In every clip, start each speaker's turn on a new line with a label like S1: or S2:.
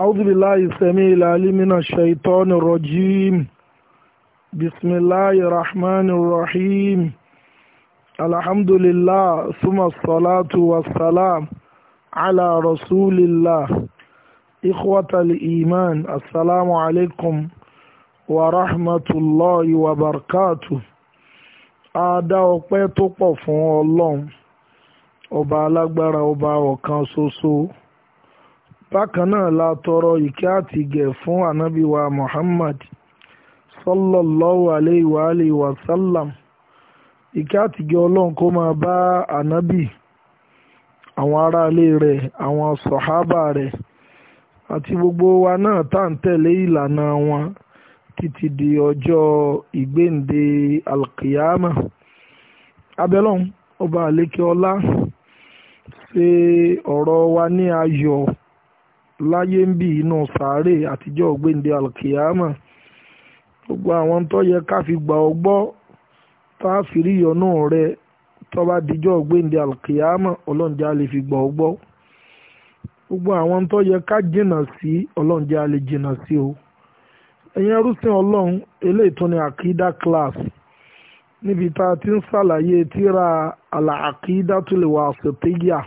S1: أعوذ بالله السميع العليم من الشيطان الرجيم بسم الله الرحمن الرحيم الحمد لله ثم الصلاة والسلام على رسول الله إخوة الإيمان السلام عليكم ورحمة الله وبركاته ada ọpẹ́ tó pọ̀ fún ọlọ́run ọba alágbára ọba ọ̀kan ṣoṣo bákan naa la tọrọ ìkẹ́ àti fún ànábì wa Muhammad sallallahu alayhi wa alayhi wa sallam ìkẹ́ àti gẹ̀ ọlọ́run kó máa bá ànábì àwọn aráalé rẹ̀ àwọn sọ̀hábà rẹ̀ àti gbogbo wa náà tá à ń tẹ̀lé ìlànà wọn títí di ọjọ́ ìgbéǹde alkiyama abẹ́lọ́hún ọba àlékè ọlá ṣe ọ̀rọ̀ wa ní ayọ̀ láyé ń bí inú sàárè àtijọ́ ọ̀gbẹ́ndé alkiyama gbogbo àwọn tó yẹ ká fi gbà ọ gbọ́ tá a fi rí ìyọnú rẹ tó bá dijọ́ ògbéǹde alkiyama ọlọ́njẹ́ a lè fi gbà ọ gbọ́ gbogbo àwọn tó yẹ ká jìnnà sí ọlọ́njẹ́ a lè jìnnà sí o ẹ̀yin ẹrúsìn ọlọ́run eléyìí tó ní àkídá class níbi tá a ti ń ṣàlàyé tíra àlàákídá tó lè wà àṣetẹ́yà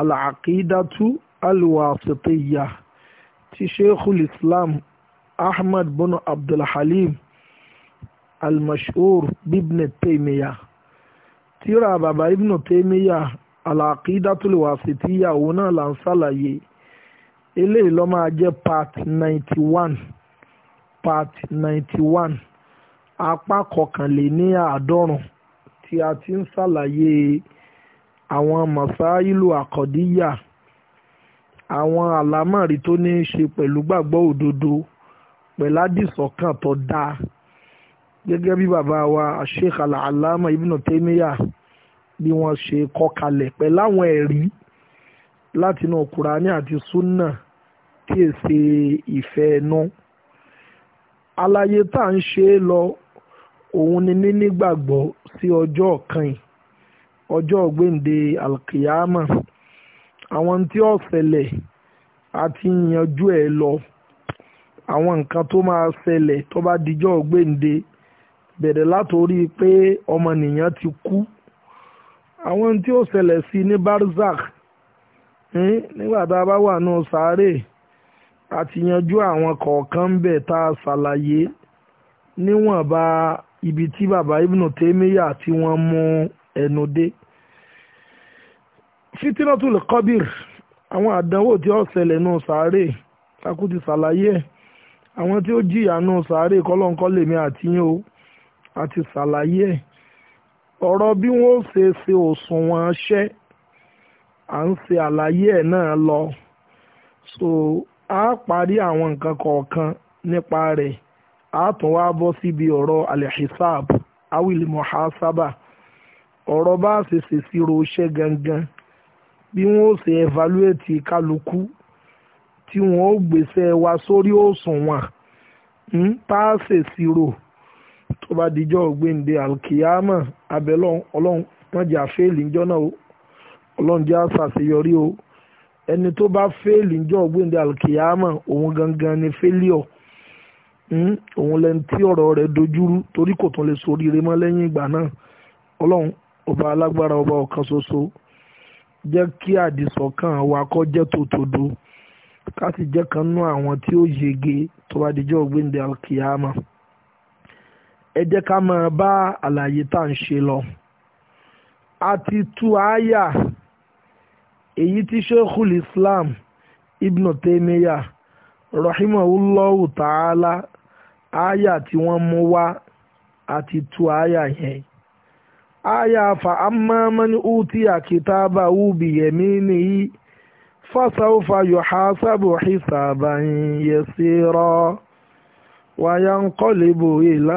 S1: àlàákídá tó. alwasitiyya ti sheikhul islam ahmad bin abdulhalim almashhur ibn taymiya tíra bàbá ibn taymiya alaqidatul wasitiyya òun náà là ń ṣàlàyé eléyìí ló máa jẹ́ part ninety one part ninety one apá kọkànléníàádọ́rùn tí a ti ń ṣàlàyé àwọn masáìlú àkọ́díyà àwọn àlámọ̀rí tó ní í ṣe pẹ̀lú gbàgbọ́ òdodo pẹ̀ládìsọ́kàn tó dáa gẹ́gẹ́ bí bàbá wa Sheikh Al-Allama Ibn Taymiyyah bí wọ́n ṣe kọ́ kalẹ̀ pẹ̀láwọn ẹ̀rí látinú Kùránì àti Súnà tí è ṣe ìfẹ́ ẹnu. àlàyé tá à ń ṣe é lọ òun ni nínígbàgbọ́ sí ọjọ́ kan ọjọ́ gbèǹde alkiyama àwọn tí ó ṣẹlẹ̀ àti yanjú ẹ̀ lọ àwọn nǹkan tó máa ṣẹlẹ̀ tó bá dijọ́ gbèǹde bẹ̀rẹ̀ látòrí pé ọmọnìyàn ti kú àwọn tí ó ṣẹlẹ̀ sí ní barzakh nígbà tá a bá wà nù sáré àti yanjú àwọn kọ̀ọ̀kan ń bẹ̀ tá a ṣàlàyé níwọ̀nba ibi tí bàbá ibnu tèmíyà tí wọ́n mú ẹnu dé fitinatul kọbír àwọn àdánwò tí ó ṣẹlẹ̀ nù sàárè takú ti ṣàlàyé ẹ̀ àwọn tí ó jìyà nù sàárè kọ́lọ́ńkọ́ lèmi àtiyín o àti ṣàlàyé ẹ̀ ọ̀rọ̀ bí wọ́n ṣe ṣe òṣùwọ̀n ṣẹ́ à ń ṣe àlàyé ẹ̀ náà lọ so a parí àwọn nǹkan kọ̀ọ̀kan nípa rẹ̀ a tún wá bọ́ síbi ọ̀rọ̀ alẹ́hisab awil muhasaba ọ̀rọ̀ bá ṣe ṣèṣirò ṣẹ́ gangan bí wọ́n ó ṣe evaluate kálukú tí wọ́n ó gbèsè wa sórí òṣùwọ̀n hmm, tá a ṣèṣirò tó bá dijọ́ gbèǹde alkiyama abẹ́lọ́ ọlọ́run wọ́n jẹ́ àfẹ́ẹ̀lì ńjọ́ náà ọlọ́run jẹ́ àṣàṣeyọrí o ẹni tó bá fẹ́ẹ̀lì ńjọ́ gbèǹde alkiyama òun gangan ni fẹ́líọ̀ hmm, òun lẹni tí ọ̀rọ̀ rẹ̀ dojúrú torí kò tún lè soríire mọ́ lẹ́yìn ìgbà náà ọlọ́run ọba alágbára ọba ọ̀kan ṣoṣo jẹ́ kí àdìsọ́kàn wa kó jẹ́ tòtòdó ká sì jẹ́ kan nú àwọn tí ó yege tó bá dijọ́ gbéǹde alkiyama ẹ jẹ́ ká máa bá àlàyé tá à ń ṣe lọ a ti àyà èyí tí sheikhul islam ibn taymiya rahimahullahu ta'ala àyà tí wọ́n mú wá a ti àyà yẹn a ya fa’amma amani uti ya kitaba wubi emini fasofa yu ha sabu haisa bayanye si ro wa ya nkoli bu ila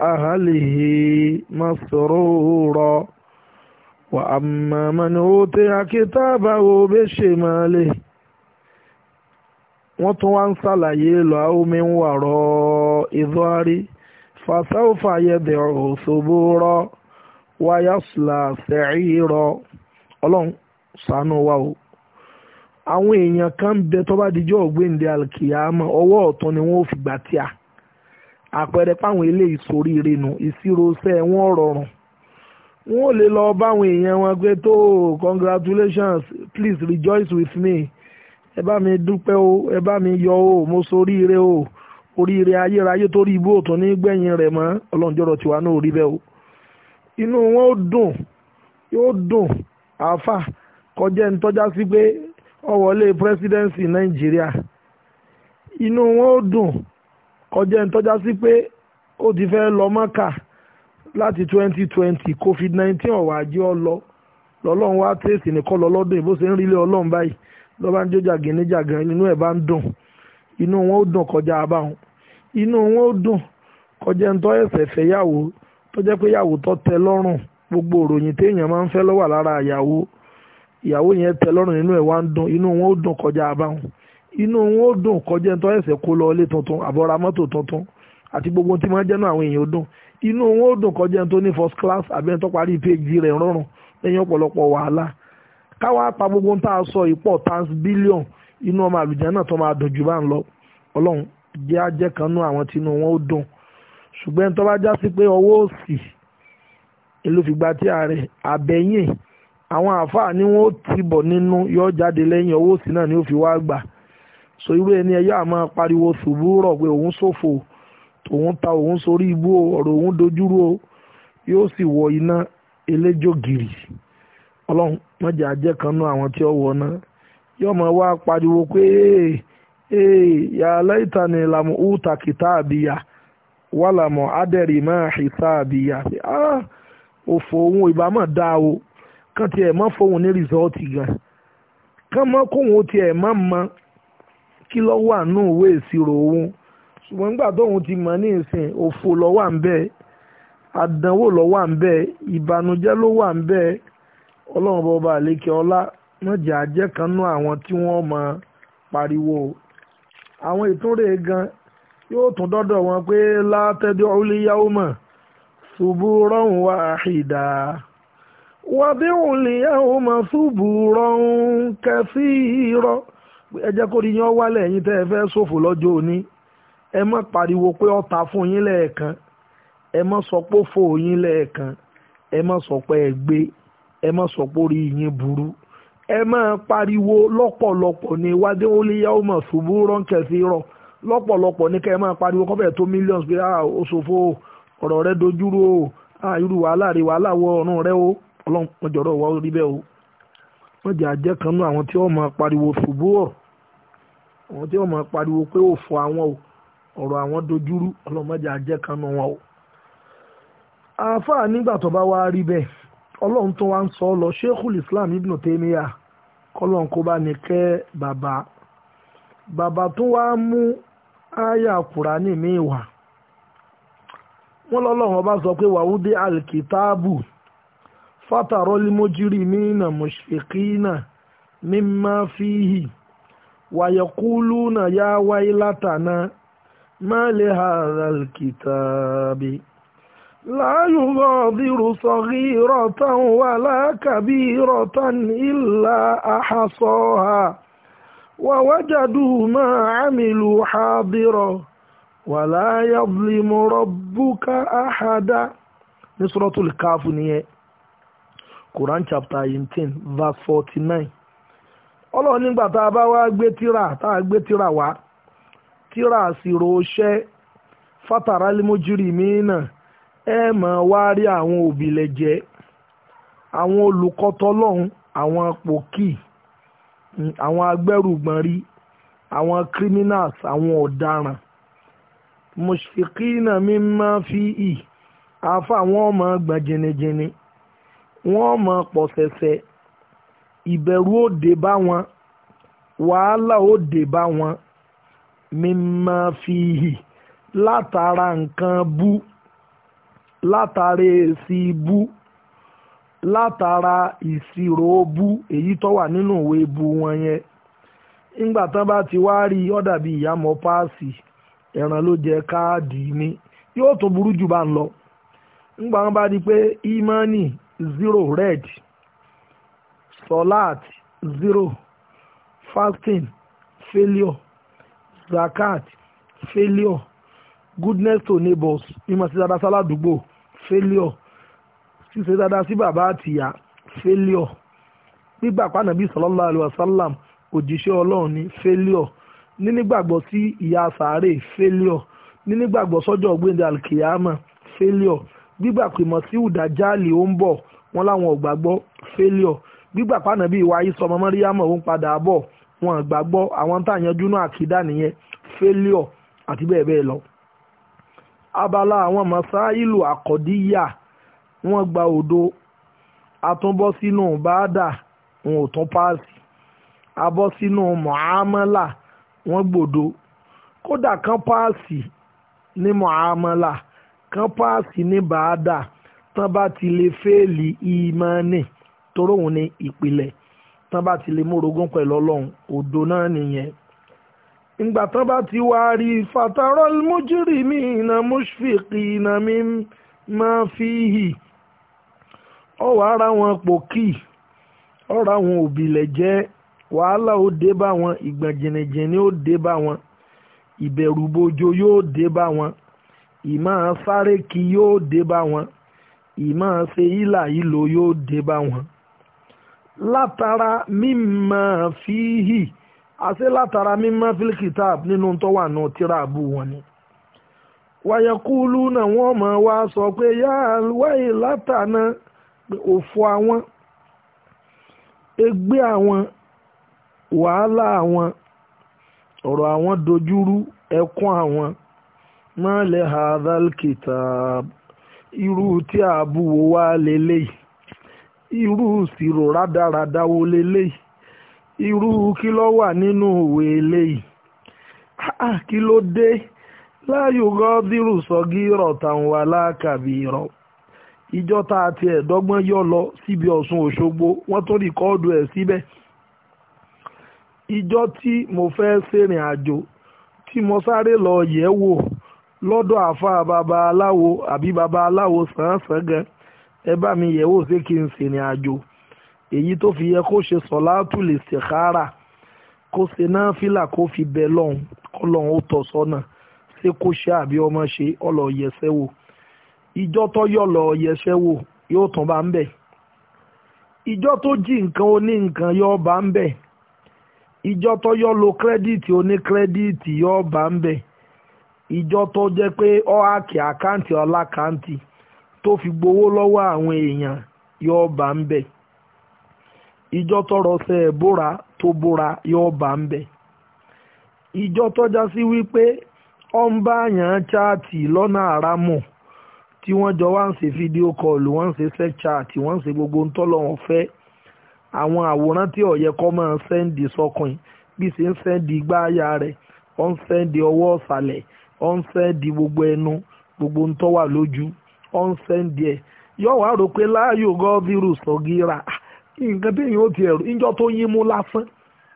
S1: ahalighi masoro wa amma amani uti ya kitaba wo be shi male nwotuwa nsalaye ilu a omen waro izuari fasofa ye dey osobu ro wáyásùlà sẹ̀ẹ́rọ ọlọ́run ṣàánú wa o àwọn èèyàn kan ń bẹ tó bá dijọ́ ògbéǹde alkiyama ọwọ́ ọ̀tún ni wọ́n fi gbà tí a àpẹẹrẹ páwọn eléyìí sórí ìrìnnà ìṣirò iṣẹ́ wọn rọrùn wọn lè lọ báwọn èèyàn wọn pé tó congratulations please rejoice with me ẹ bá mi dúpẹ́ o ẹ bá mi yọ̀ o mo soríire o oríire ayérayé torí ibú òtún ní gbẹ̀yìn rẹ̀ mọ́ ọlọ́njọ́rọ̀ tiwa náà rí bẹ́ẹ̀ o. inú wọn ó dùn yóò dùn àáfà kọjá ẹni tọ́já sí pé ó wọlé nàìjíríà inú wọn ó dùn kọjá ẹni tọ́já sí ti fẹ́ lọ mọ́kà láti 2020 covid 19 ọ̀wà ajé ọ lọ́lọ́run wá tèsì nìkan lọ lọ́dún ìbò ṣe ń rílé ọlọ́run báyìí lọ́ba ń jó jàgínníjàgán inú ẹ̀ bá ń dùn inú wọn ó dùn kọjá abáhùn inú wọn ó dùn kọjá tọ́ tó jẹ́ pé ìyàwó tó tẹ lọ́rùn gbogbo òròyìn téèyàn máa ń fẹ́ ló wà lára ìyàwó ìyàwó yẹn tẹ lọ́rùn nínú ẹ̀ wá ń dùn inú wọn ó dùn kọjá abáhùn inú wọn ó dùn kọjá ẹni tó ẹ̀sẹ̀ kó lọ ilé tuntun àbọ̀ra mọ́tò tuntun àti gbogbo tí máa ń jẹ́nu àwọn èèyàn dùn inú wọn ó dùn kọjá ẹni tó ní first class àbí ẹni tó parí péjì rẹ̀ rọrùn lẹ́yìn ọ̀pọ̀lọpọ̀ wàhálà káwá pa gbogbo tá a sọ ìpọ̀ tans billion inú ọmọ àlùjá náà tó máa dùn jù bá ń lọ ọlọ́run jẹ́ ajẹ́ kan nú àwọn tí inú wọn ó dùn ṣùgbọ́n tó bá já sí pé ọwọ́ òsì èlò tí ààrẹ àbẹ̀yìn àwọn àáfàá ni wọ́n ti bọ̀ nínú yọ jáde lẹ́yìn ọwọ́ òsì náà ni ó fi wá gbà so irú ẹni ẹ̀yà àmọ́ pariwo ṣùgbú rọ̀ pé òun ṣòfò tòun ta òun sórí ibú ọ̀rọ̀ òun dojúrú o yóò sì wọ iná eléjò gìrì ọlọ́run mọ̀jà ajẹ́ kan nú àwọn tí ó wọ náà yóò mọ̀ wá pariwo pé ee ee yàrá ìtàn ni làmú ú takìtà àbíyá wàlámọ̀ adẹ̀rì máa hìsáàbì àti ah, òfò ohun ìbámọ̀ dá o kàn tiẹ̀ mọ́ fóun ní rìsọ́ọ̀tì gan kàn mọ́ kóun ó tiẹ̀ má mọ kí lọ́ wà nù òwe ìṣirò òun ṣùgbọ́n nígbà tóun ti mọ̀ ní ìsìn òfò lọ́ wà ń bẹ́ẹ̀ àdánwò lọ́ wà ń bẹ́ẹ̀ ìbànújẹ́ ló wà ń bẹ́ẹ̀ ọlọ́run bọba àlékè ọlá mọ̀jà ajẹ́ kan nú àwọn tí wọ́n mọ pariwo àwọn ìtúnrẹ́ gan yóò tún dọ́dọ̀ wọn pé látẹ́dẹ́ olùyàwó mọ̀ ṣubú rọ́hùn wá àhìdá wàbí olùyàwó mọ̀ ṣubú rọ́hùn kẹfí rọ́ ẹ jẹ́ kó di yín wálẹ̀ yín tẹ́ ẹ fẹ́ ṣòfò lọ́jọ́ òní ẹ má pariwo pé ó ta fún yín lẹ́ẹ̀kan ẹ má sọ pé ó fò yín lẹ́ẹ̀kan ẹ má sọ pé ẹ gbé ẹ má sọ pé orí yín burú ẹ má pariwo lọ́pọ̀lọpọ̀ ní wàdí olùyàwó ṣubú rọ́hùn kẹfí rọ́ lọ́pọ̀lọpọ̀ ní kẹ́ ẹ máa pariwo kọ́fẹ́ tó millions bí ó ah, ṣòfò ọ̀rọ̀ rẹ dojúrú o ah, irú wàhálà rẹ wàhálà wọ ọ̀run rẹ o ọlọ́run jọ̀rọ̀ wà ó rí bẹ́ẹ̀ o wọ́n jẹ́ àjẹkànnú àwọn tí wọ́n máa pariwo ṣubú ọ̀ àwọn tí wọ́n máa pariwo pé òfò àwọn o ọ̀rọ̀ àwọn dojúrú ọlọ́mọdé àjẹkànnú wọn o. àáfàá nígbà tó bá wá rí bẹ́ẹ̀ ọlọ́run tó wá ń sọ lọ sheikhul islam ibn taymiya kọ́lọ́n kó bá ní kẹ́ bàbá bàbá tó wá mú áyà kùránì míì wà wọ́n lọ́lọ́run ọba sọ pé wàhúdí alkitaabu fátàrọ́límójírì mínà mùṣfìkínà mímá fíhì wàyẹ̀kúlúnà yá wáyé látàná má lè ha alkitaabi láàyò rọ̀dìrù sọ̀rí rọ̀tàn wà lákàbí rọ̀tàn ìlà àhásọ́ha. ووجدوا ما عملوا حاضرا ولا يظلم ربك أحدا نسرة الكاف نيه Quran chapter 18 verse 49 ọlọ́run nígbà tá a bá wá gbé tíra tá a gbé tíra wá tíra àsìrò fatara fátàrà limojírí mìínà ẹ mọ̀ wá rí àwọn awon jẹ́ àwọn olùkọ́tọ́ lọ́hùn àwọn pòkì àwọn agbẹ́rùgbọ̀nrí àwọn criminals àwọn ọ̀daràn mushfiqina mimma fi'i àfa àwọn ọmọ gbọ̀n jìnnìjìnnì wọ́n mọ̀ pọ̀sẹ̀sẹ̀ ìbẹ̀rù ó dé bá wọn wàhálà ó dé bá wọn mímọ fihì látara nǹkan bú látara èsì bú látara ìṣirò bú èyí tó wà nínú ìwé bú wọn yẹn nígbà tán bá ti wá rí ọ̀dà bíi ìyàmọ̀ páàsì ẹ̀ràn ló jẹ káàdì ni yóò tún burú jù bá ń lọ nígbà wọn bá di pé imani zero red solat zero fasting failure zakat failure goodness to neighbors mímọ̀ sí dáadáa sáládùúgbò failure ṣíṣe dáadáa sí bàbá àtìyá failure gbígbà pànàbí sallallahu alaihi wasallam òjíṣẹ́ ọlọ́run ní failure nínígbàgbọ́ sí ìyà sàárè failure nínígbàgbọ́ sọ́jọ́ ọ̀gbìndé alkiyama failure gbígbà pèmọ̀ sí ìdájáàlì ó ń bọ̀ wọn láwọn ò gbàgbọ́ failure gbígbà pànàbí ìwà ayísọ ọmọ mọ́ríyámọ̀ ó ń padà bọ̀ wọn ò gbàgbọ́ àwọn tá àyànjú náà àkídà nìyẹn failure àti bẹ́ẹ̀ bẹ́ẹ̀ lọ abala àwọn mọ̀sáìlù àkọ́díyà wọ́n gba òdo àtúnbọ́ sínú báàdà wọn ò tún páàsì abọ́ sínú mọ̀ámọ́là wọ́n gbòdo kódà kan páàsì ní mọ̀ámọ́là kan páàsì ní báàdà tán bá ti lè fẹ́ẹ̀lì ìmọ̀ọ́nì toró òun ní ìpìlẹ̀ tán bá ti lè mórogún pẹ̀lú ọlọ́run òdo náà nìyẹn ìgbà tán bá ti wá rí fatarol mujrimina mushfiqina mimma fihi ọwọ́ ara wọn pò kì ọ̀rọ̀ àwọn òbílẹ̀ jẹ́ wàhálà ó dé bá wọn ìgbọ̀n jìnnìjìnnì ó dé bá wọn ìbẹ̀rùbojo yóò dé bá wọn ìmọ̀ sáré kí yóò dé bá wọn ìmọ̀ ṣe ìlà ìlò yóò dé bá wọn. látara mímọ̀ fíhì àṣẹ látara mímọ̀ fílkìtàb nínú tó wà náà tíràbù wọn ni. wàyẹ̀kú lúnà wọ́n mọ̀ wá sọ pé yáà wáyé látàná pé òfò àwọn ègbé àwọn wàhálà àwọn ọ̀rọ̀ àwọn dojúrú ẹkún àwọn máa lè ha adalkitab irú tí ààbò wo wá leléyìí irú ìṣirò rádaràda wo leléyìí irú kí ló wà nínú òwe eléyìí kí ló dé láyò gọ́dírù sọ́gírọ̀ tàwọn alákàbí rọ̀ ìjọ tá a tiẹ̀ dọ́gbọ́n yọ lọ síbi Ọ̀ṣun Òṣogbo wọ́n tó rìkọ́ọ̀dù ẹ̀ síbẹ̀ ìjọ tí mo fẹ́ ṣèrìn àjò tí mo sáré lọ yẹ̀ wò lọ́dọ̀ àáfàá baba aláwo àbí baba aláwo sàn-án-sàn gan ẹ bá mi yẹ̀ wò ṣé kí n ṣèrìn àjò èyí tó fi yẹ kó ṣe sọ̀láàtù lè ṣèkára kó ṣe náà fìlà kó fi bẹ lọ́hùn kọ́ lọ́hùn ó tọ̀ sọ́nà ṣé kó ṣe àbí ọmọ ṣe ọlọ́ọ̀yẹsẹ́ wò. ìjọ tó yọ lọ wò yóò tún bá ń bẹ ìjọ jí nǹkan oní nǹkan yóò bá ń bẹ ìjọ tó oní kírẹ́díìtì yóò bá ń ìjọ tó jẹ́ pé ọ́hàkì àkáǹtì ọlákáǹtì tó fi àwọn èèyàn bá ń ìjọ tó bá ń ìjọ sí tí wọ́n jọ wá ń ṣe fídíò kọlù wọ́n ń ṣe sẹ́kṣà tí wọ́n ń ṣe gbogbo ń tọ́lọ̀ wọn fẹ́ àwọn àwòrán tí ọ̀yẹ́ kọ́ máa ń sẹ́ǹdì sọkùn bí ṣe ń sẹ́ǹdì gbáàyà rẹ̀ ó ń sẹ́ǹdì ọwọ́ ọ̀sàlẹ̀ ó ń sẹ́ǹdì gbogbo ẹnu gbogbo ń tọ́wà lójú ó ń sẹ́ǹdì ẹ̀ yọ wá rò pé láàyò gọ́ọ̀dìrù sọ̀gìrà nǹkan téèyàn ó ti ẹ̀rù níjọ́ tó yín mú lásán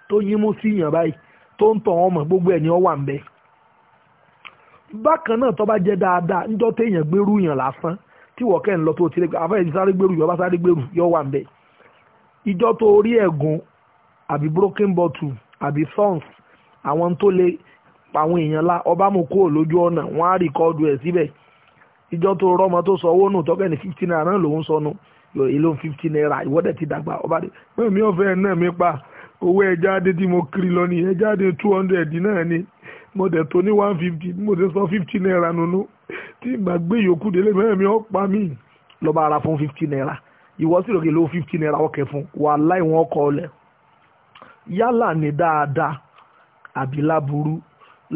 S1: tó yín mú síyàn báyìí tó ń tàn ọmọ gbogbo ẹ̀ ni ó wà ń bẹ́ẹ̀ bákan náà tó bá jẹ́ dáadáa ń dọ́tẹ́ èèyàn gbèrú yàn lásán tí wọ́n kẹ́ ń lọ tó ti ori egun abi broken bottle àbí sons àwọn tó lè àwọn èèyàn la ọba mú kúrò lójú ọ̀nà wọ́n á rìkọ́ọ̀dù ẹ̀ síbẹ̀ ìjọ tó tó sọ owó nù tọ́kẹ́ ní fifteen naira lòún sọnù èlò naira ìwọ́dẹ̀ ti dàgbà ọba náà mi pa owó mo kiri lọ ni two hundred náà ni mo dẹ̀ tó ní one fifty mo dẹ̀ sọ fifty naira nínú tí ìgbà gbé yòókù délé mẹ́rin mi ọ́ pa mí lọ́ba ara fún fifty naira ìwọ sì lóge ló fifty naira ọkẹ́ fún wàhálà ìwọ̀n ọkọ̀ ọ̀lẹ̀ yálà ní dáadáa àbí láburú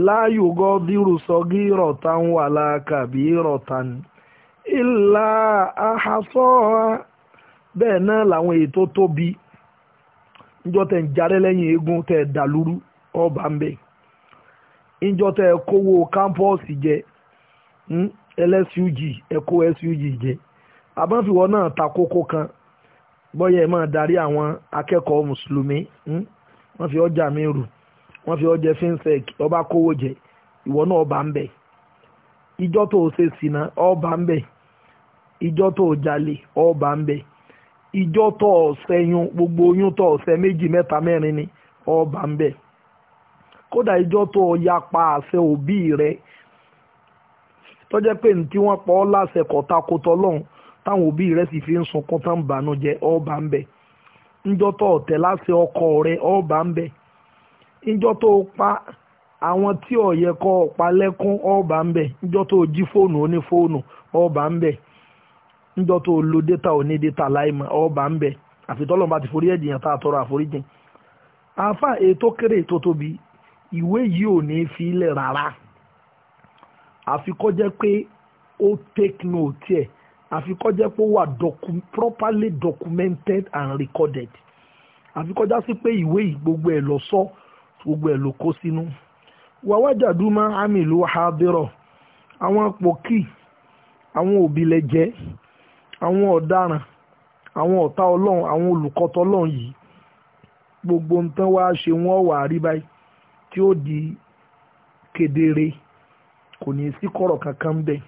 S1: láàyò gọ́dírù sọ́gí rọ̀tàn wà lákàbí rọ̀tàn ìlà àhásọ́ bẹ́ẹ̀ náà làwọn ètò tóbi níjọ́ tẹ̀ ń jarẹ́ lẹ́yìn eégún tẹ̀ dàlúrú ọba ìjọ ekowo ẹ je kámpọ́ọ̀sì jẹ hmm, lsug ẹ sug náà ta kan bọ́yẹ̀ máa darí àwọn akẹ́kọ̀ọ́ mùsùlùmí hmm, wọ́n fi ọjà mi rù wọ́n fi ọjẹ́ fintech ọba kówó jẹ ìwọ náà ọba ń bẹ̀ ìjọ tó ṣe ọba jalè ọba gbogbo oyún tó o méjì mẹ́ta mẹ́rin kódà ìjọ tó ya pa àṣẹ òbí rẹ tó jẹ́ pé ní tí wọ́n pọ ọ́ láṣẹ kọ̀ọ̀ta kó rẹ sì fi ń sunkún tán ọba ń bẹ ńjọ́ tó ọkọ rẹ ọba ń bẹ ńjọ́ tó pa àwọn tí ọ̀yẹ ọba ń bẹ tó jí fóònù onífóònù ọba data òní ọba ń bẹ àfitọ́lọ́mọba ti forí tá a tọrọ àforíjìn àáfà ètò kéré tó ìwé yìí ò ní fi ilẹ̀ rárá àfi kó jẹ́ pé ó take note ẹ̀ àfi jẹ́ pé ó wà properly documented and recorded àfi kó já sí pé ìwé yìí gbogbo ẹ̀ lọ sọ gbogbo ẹ̀ ló kó sínú wàwájàdúmọ́ àmì ìlú habirọ̀ àwọn pòkì àwọn òbílẹ̀jẹ́ àwọn ọ̀daràn àwọn ọ̀tá ọlọ́run àwọn olùkọ́tọ́ ọlọ́run yìí gbogbo nǹkan wá ṣe wọ́n wà rí báyìí tí ó di kedere kò ní sí kọ̀rọ̀ kankan ń bẹ̀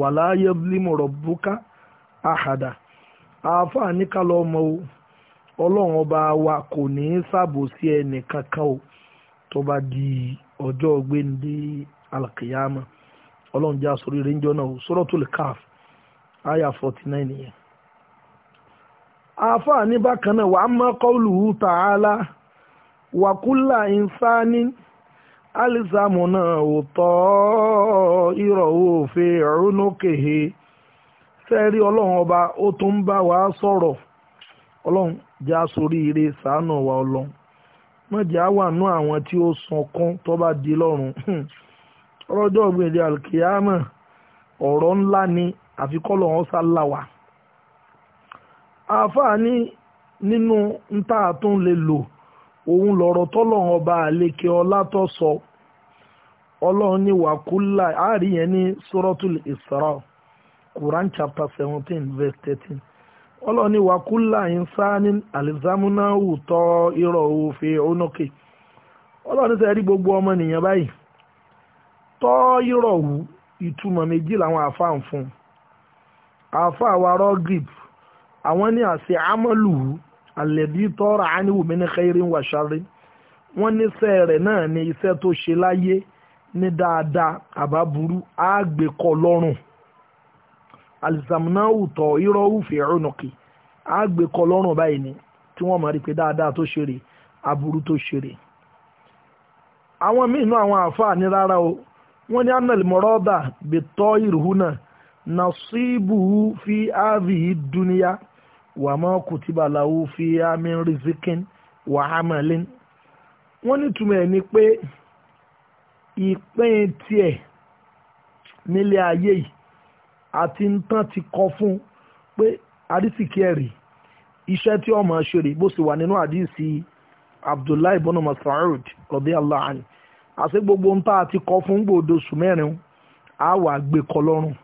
S1: wàlá yadlimu rabbuka ahada àáfàá ní ká lọ́ọ́ o ọlọ́run ọba wa kò ní í ṣàbòsí ẹnì kankan o tó bá di ọjọ́ gbéǹde alkiyama ọlọ́run jẹ́ àsọ̀rọ̀ ìrìnjọ́ náà suratul Kahf aya forty nine yẹn àáfàá ní bákan náà wàá mọ́ qawluhu ta'ala. wakula ìnsáni alizamu náà ò tọ́ ìrọ̀wọ́ òfin ìrúnókèhe fẹ́ẹ́rí ọlọ́run ọba ó tún ń bá wa sọ̀rọ̀ ọlọ́run já sórí ire ṣàánú wa ọlọ́run mọ̀já wà nú àwọn tí ó sọkún tó bá di lọ́rùn ọlọ́jọ́ hmm. ògbìnrin alkiyama ọ̀rọ̀ ńlá ni àfikọ́lọ̀ wọn sálà wà àfáà ní nínú ń lè lò òun lọ̀rọ̀ tọ́lọ́run ọba àlekè ọlá tó sọ ọlọ́run ní wàkúlà àárí yẹn ní Quran chapter seventeen verse thirteen ọlọ́run ní wàkúlà ìnsáni àlìzámúnáwù tọ́ irọ́ òfin onókè gbogbo ọmọ nìyẹn báyìí tọ́ irọ́ òwú ìtumọ̀ méjì làwọn ń fún àlẹ́bí tọ́ra áníwò mi ní kẹ́rin wà sáré wọ́n ní iṣẹ́ rẹ̀ náà ni iṣẹ́ tó ṣe láyé ní dáadáa àbá burú àgbẹ̀kọ lọ́rùn alìsàmùnáwù tọ̀ irọ́wù fìrúnùkì àgbẹ̀kọ lọ́rùn báyìí ni tí wọ́n mọ̀ rí pé dáadáa tó ṣe rè aburú tó ṣe rè àwọn míì náà àwọn àáfàá ní rárá o wọ́n ní anal mọ́rọ́dà bẹ̀tọ́ ìrùhùnà nasibu fi áàbì dúníyà wà má kùtìbà làwù fi àmì rìzíkìn wà ámàlín wọ́n nítumọ̀ ẹ̀ ni pé ìpín tiẹ̀ nílé ayé yìí àti ntán ti kọ fún pé àdìsíkì ẹ̀ rèé iṣẹ́ tí ọmọ ṣeré bó sì wà nínú àdìsí abdullahi ibn Mas'ud radiyallahu anhu àti gbogbo ń a ti kọ fún gbòdo sùmẹ́rin á wà lọ́rùn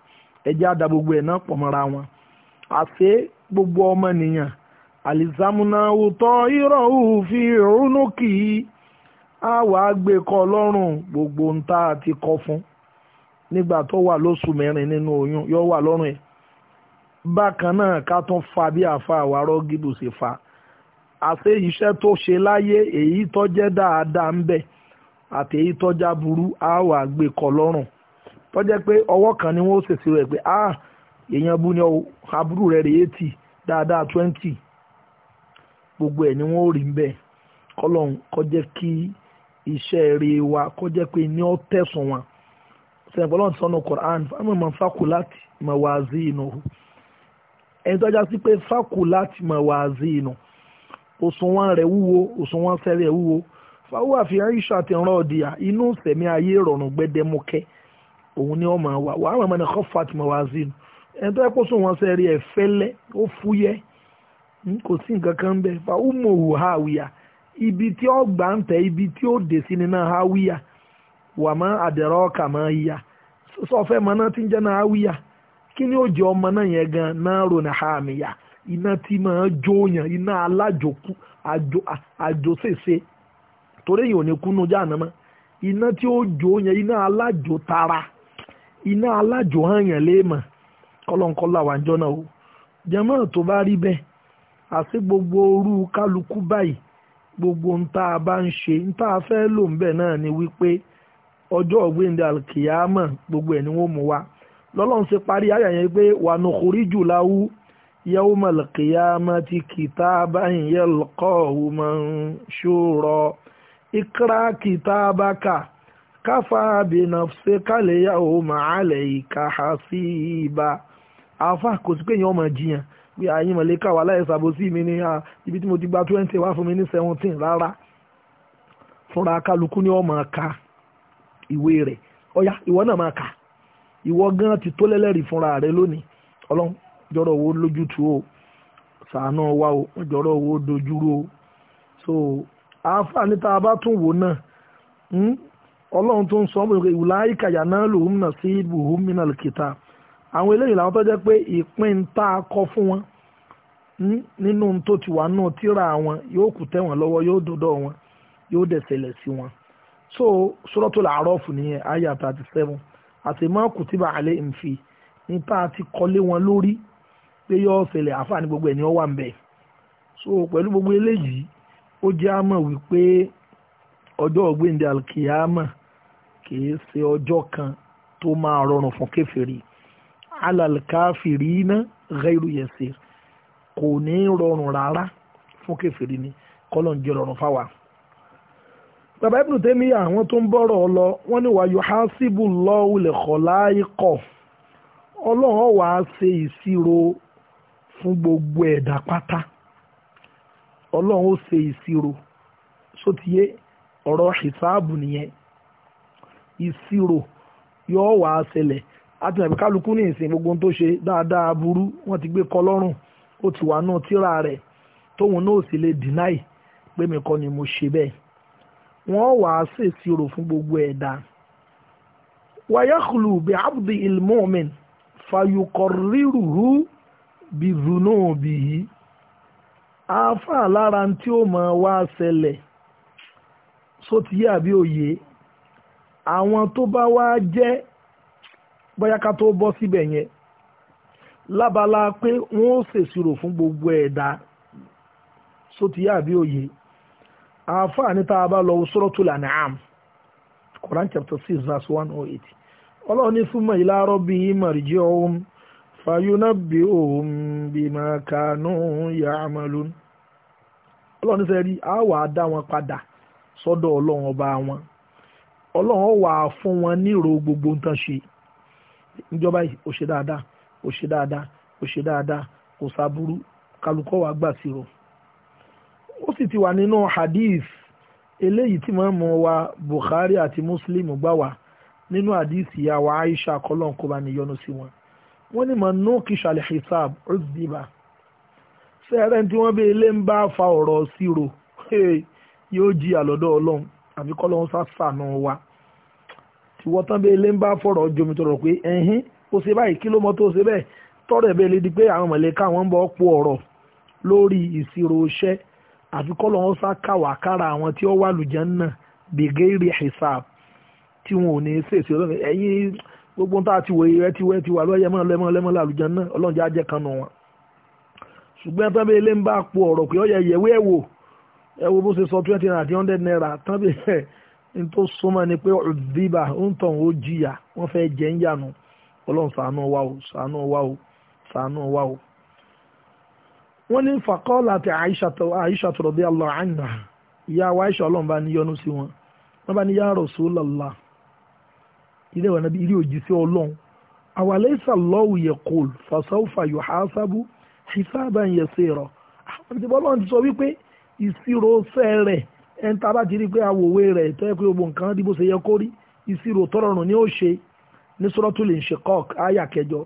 S1: ẹjẹ́ àdá ẹ̀ náà pọ̀ mọ́ra wọn àti gbogbo ọmọnìyàn àlìsámúnáwó tọ́ irọ́ òfin ìrònú kì í á wàá gbé gbogbo ń tá a ti kọ́ fún nígbà tó wà lóṣù mẹ́rin nínú oyún yóò wà lọ́rùn ẹ̀ bákan náà ká tún fa bí àfa àwárọ̀ gíbù ṣe fa àṣé iṣẹ́ tó ṣe láyé èyí tó jẹ́ dáadáa ń bẹ àti èyí tó já burú á wàá gbé kọ́ lọ́rùn tó jẹ́ pé ọwọ́ kan ni wọ́n ṣèṣirò ẹ̀ pé ah èèyàn bú ni aburú rẹ̀ rèé tì í dáadáa twenty gbogbo ẹ̀ ni wọ́n rí bẹ́ẹ̀ kọ́lọ́n kọjẹ́ kí iṣẹ́ rí wa kọjẹ́ pé ní ọ́ tẹ̀sán wa sẹ́yìn pọ́lọ́n sọ́nù Quran fáwọn ọmọ fákùláàtì mọ̀wáàzì inú ẹni tó já sí pé fákùláàtì mọ̀wáàzì inú òṣùwọ̀n rẹ̀ wúwo òṣùwọ̀n sẹ́rẹ̀ wúwo fáwọn àfihàn iṣu àti ìran ọ̀dìyà inú sẹ̀mí ayé ìrọ̀rùn gbẹdẹmukẹ́ òun ni ọmọ wa wàá mọ̀ ní kọ́fà tìmọ̀wáàzì inú ẹni tó yẹ kó sùn wọn sẹ́ẹ̀rí ẹ̀ fẹ́lẹ́ ó fúyẹ́ hmm, kò sí nǹkan kan ibi tí ó gbà ń ibi tí ó sí ni náà wà má ọkà mọ náà ti ń jẹ́ náà kí ni ó jẹ́ ọmọ náà yẹn gan náà rò ní hàmìyà iná tí máa jóyàn iná alájòkú àjòsèse torí èyàn ò ní kúnú jáàná mọ́ iná tí ó iná alájò tara iná alájò hàn yàn léèmọ̀ kọ́lọ́nkọ́lá wà ń jọ́nà o tó bá rí bẹ́ẹ̀ àti gbogbo orú kálukú báyìí gbogbo ń tá a bá ń ṣe ń tá a fẹ́ lò ń bẹ̀ náà ni wípé ọjọ́ gbogbo ẹ̀ ni wọ́n mú wa lọ́lọ́run ṣe parí ayà yẹn pé wà jù láwú ikra àáfà kò sí pé èèyàn ọmọ jiyàn pé àyìn ah, mọ̀lẹ́kà wà láyé sàbòsí mi ní ah, ibi tí mo ti gba twenty wá fún mi ní seventeen rárá fúnra kálukú ni ọmọ ka ìwé rẹ̀ ọ̀yá ìwọ náà máa kà ìwọ gan ti tó lẹ́lẹ́rìí fúnra rẹ̀ lónìí ọlọ́run jọ̀rọ̀ owó lójútu o sàánà wa o jọ̀rọ̀ owó dojúrú o so àǹfààní tá a bá tún wò náà hmm, ọlọ́run tó ń sọ ọ́ bọ̀ ìwúlá náà lòun náà sí ibùhùn mìíràn kìtà àwọn eléyìí làwọn tó jẹ́ pé ìpín tá a kọ fún wọn hmm, nínú tó ti wà náà tíra wọn yóò kù tẹ́ wọn lọ́wọ́ yóò dọ́dọ̀ wọn yóò dẹ̀ sí wọn so Suratul A'raf nìyẹn aya thirty seven àti ma kutiba alayhim fi ní tá a ti kọ́lé wọn lórí pé yóò ṣẹlẹ̀ àfààní gbogbo ẹ̀ ni ó wà ń bẹ so pẹ̀lú gbogbo eléyìí ó jẹ́ àmọ̀ wípé ọjọ́ ọ̀gbìndé alkiyama kì í ṣe ọjọ́ kan tó máa rọrùn fún kèfèrí alalkafiri iná gairu yẹsẹ̀ kò ní rọrùn rárá fún kẹfìrí ni kọ́lọ̀ ń jẹ́ rọrùn fáwa. bàbá ibùdó tẹ́mi àwọn tó ń bọ̀rọ̀ ọ lọ wọ́n ní wàá yuhasibu llahu likhalaiqo ọlọ́run wàá ṣe ìṣirò fún gbogbo ẹ̀dá pátá ọlọ́run ó ṣe ìṣirò sótìyé ọ̀rọ̀ hisabu nìyẹn ìṣirò yóò wàá ṣẹlẹ̀ àti nàbí kálukú ní ìsìn gbogbo tó ṣe dáadáa burú wọ́n ti gbé kọ lọ́rùn ó ti wà náà tíra rẹ̀ tóun náà sì lè deny pé mi kọ́ ni mo ṣe bẹ́ẹ̀ wọ́n wà á ṣèṣirò fún gbogbo ẹ̀dá wàyáhùlù bí abdi ilmumin fayukọrírùrù bí zunú bì í afa lára tí ó mọ̀ wá ṣẹlẹ̀ sótìyà bí òye àwọn tó bá wá jẹ́ bóyá ká tó bọ́ síbẹ̀ yẹn lábala pé wọ́n ó ṣèṣirò fún gbogbo ẹ̀dá sótìyá àbí òye àǹfààní tá bá lọ Suratul An'am Quran chapter six verse one oh eight ọlọ́run ní súnmọ́ ìlà bima kanu ya'malun ọlọ́run ní sẹ́rí a wà á dá wọn padà sọ́dọ̀ ọlọ́run ọba wọn ọlọ́run wà á fún gbogbo ṣe níjọba yìí ó ṣe dáadáa ó ṣe dáadáa ó ṣe wa gbà sí rò ó ti wà nínú hadith eléyìí tí máa mọ wa Bukhari ati Muslim gbà wá nínú hadith ìyá wa Aisha kọlọ́n kó bá ní yọ́nú sí wọn wọ́n ní màá nù kí ṣàlẹ̀ hisab ọ̀dìbà sẹ́rẹ̀ tí wọ́n bẹ ilé ń bá fa ọ̀rọ̀ sírò yóò jí àlọ́dọ̀ ọlọ́run àbíkọ́ lọ́wọ́ sá sànù wa tiwọ́ tán bẹ́ẹ̀ lé ń bá fọ̀rọ̀ jomi tọrọ pé ẹ̀hín ó ṣe báyìí kí ló mọ tó ṣe bẹ́ẹ̀ tọrọ ẹ̀ bẹ́ẹ̀ lè di pé àwọn mọ̀lẹ́ka wọn ń bọ́ po ọ̀rọ̀ lórí ìṣirò iṣẹ́ àfi kọ́ lọ́wọ́ sá káwà kára àwọn tí ó wà lùjẹ́ náà bègéèrè hisab tí wọn ò ní ṣèṣe ọlọ́run ẹ̀yìn gbogbo tá a ti wòye rẹ ti wẹ́ ti wà lọ́yẹ̀ mọ́ lẹ́mọ́ lẹ́mọ́ làlùjẹ́ náà ọlọ́run jẹ́ naira àti ní tó súnmọ́ ni pé ọ̀dìbà ń tàn ó jìyà wọ́n fẹ́ jẹ́ ń yànú ọlọ́run ṣàánú wa o ṣàánú wa o ṣàánú wa o. wọ́n ní fàkọ́ọ̀lá àti Aisha radiyallahu anha ìyá wa Aisha ọlọ́run bá ní yọ́nú sí wọn wọ́n bá ní ya Rasulullah ilé ìwà nàbí ilé òjíṣẹ́ ọlọ́run awalaysa Allahu yaqul fasawfa yuhasabu hisaban yasira àwọn ah, ìdìbò ọlọ́run ti sọ wípé ìṣirò sẹ́rẹ̀ ẹni tá a bá ti rí pé awòwe rẹ̀ tó yẹ pé gbogbo nǹkan bó ṣe yẹ kó rí ìṣirò ni ó ṣe ní suratul inshiqaq àyà kẹjọ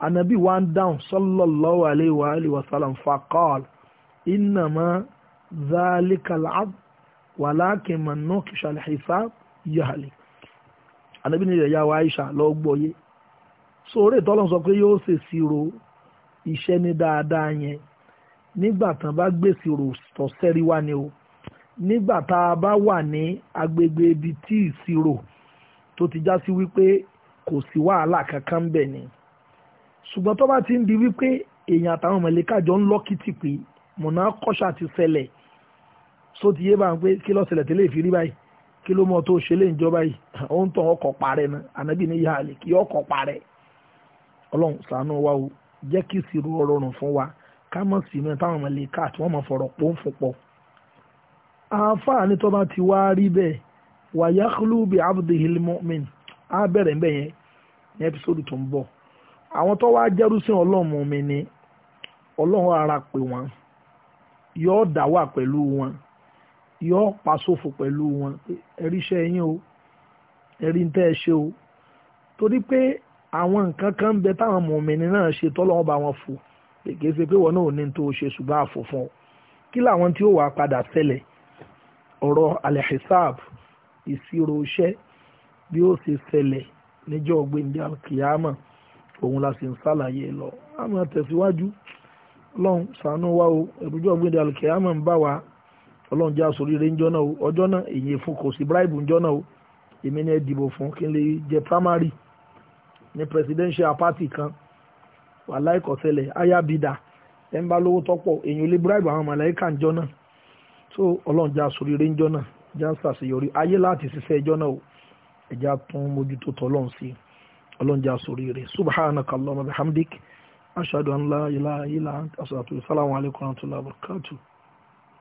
S1: ànábì wa ń dáhùn sallallahu alayhi wa alihi wa sallam faqal innama zalika al-abd walakin man nukisha al anabi ni ìyá wa Aisha lọ so ìtọ́lọ́ sọ pé yóò ṣe dáadáa yẹn o nígbà tá a bá wà ní agbègbè ibi tí ìṣirò tó ti já sí wípé kò sí wàhálà kankan ń bẹ̀ ni ṣùgbọ́n tó bá ti ń bi wípé èèyàn àtàwọn mọ̀lẹ́kà ń lọ́kìtì pé mọ̀nà kọ́ṣà ti ṣẹlẹ̀ só ti yé bá ń pé kí ló ṣẹlẹ̀ tẹ́lẹ̀ ìfiri báyìí kí ló mọ tó ṣe lè ń yìí ó ń tàn ọkọ̀ parẹ́ ànábì ní yàrá lè wa o jẹ́ kí fún wa ká mọ̀ sí mọ̀lẹ́kà tí wọ́n àáfàá ní tó bá ti wá rí bẹ́ẹ̀ wàyáxlú bí abdihil mu'min á bẹ̀rẹ̀ bẹ́ẹ̀ yẹn ní ẹ́písòdù tó ń bọ̀ àwọn tó wá jẹ́rú sí ọlọ́run mi ni ọlọ́run ara pè wọ́n yóò dá wà pẹ̀lú wọn yóò pàṣòfò pẹ̀lú wọn ẹ̀ríṣẹ́ yín o ẹ̀rí tẹ́ ẹ ṣe o torí pé àwọn nǹkan kan ń bẹ táwọn mọ̀mìnì náà ṣe tọ́lọ́wọ́n bá wọn fò kèké ṣe pé wọn náà ò ní tó ṣe ṣùgbọ́n àfò kí làwọn tí ó wàá padà ṣẹlẹ̀ ọ̀rọ̀ alẹ́hisab ìṣirò iṣẹ́ bí ó ṣe ṣẹlẹ̀ níjọ́ ọ̀gbìndé alkiyama òun la sì ń ṣàlàyé lọ àmọ́ tẹ̀síwájú ọlọ́run ṣàánú wa o ẹ̀rújọ́ ọ̀gbìndé alkiyama ń bá wa ọlọ́run já sórí rẹ̀ ńjọ́ náà o ọjọ́ náà èyí fún kò sí bribe ńjọ́ náà o èmi ni ẹ dìbò fún kí n lè jẹ primary ní presidential party kan wàhálà ìkọ̀sẹ̀lẹ̀ ayábídà ẹ̀ ń bá lówó tọ́pọ̀ èyí ò lè bribe àwọn màláìkà ńjọ́ náà so ọlọ́run já sórí rẹ́ńjọ́ náà já sàṣeyọrí ayé láti ṣiṣẹ́ ẹjọ́ náà o ẹ̀já tún mójútó tọ́lọ́run sí ọlọ́run já sórí rẹ̀ subhanaka allahumma bihamdik ashhadu an la ilaha illa anta alaykum wa rahmatullahi wa barakatuh.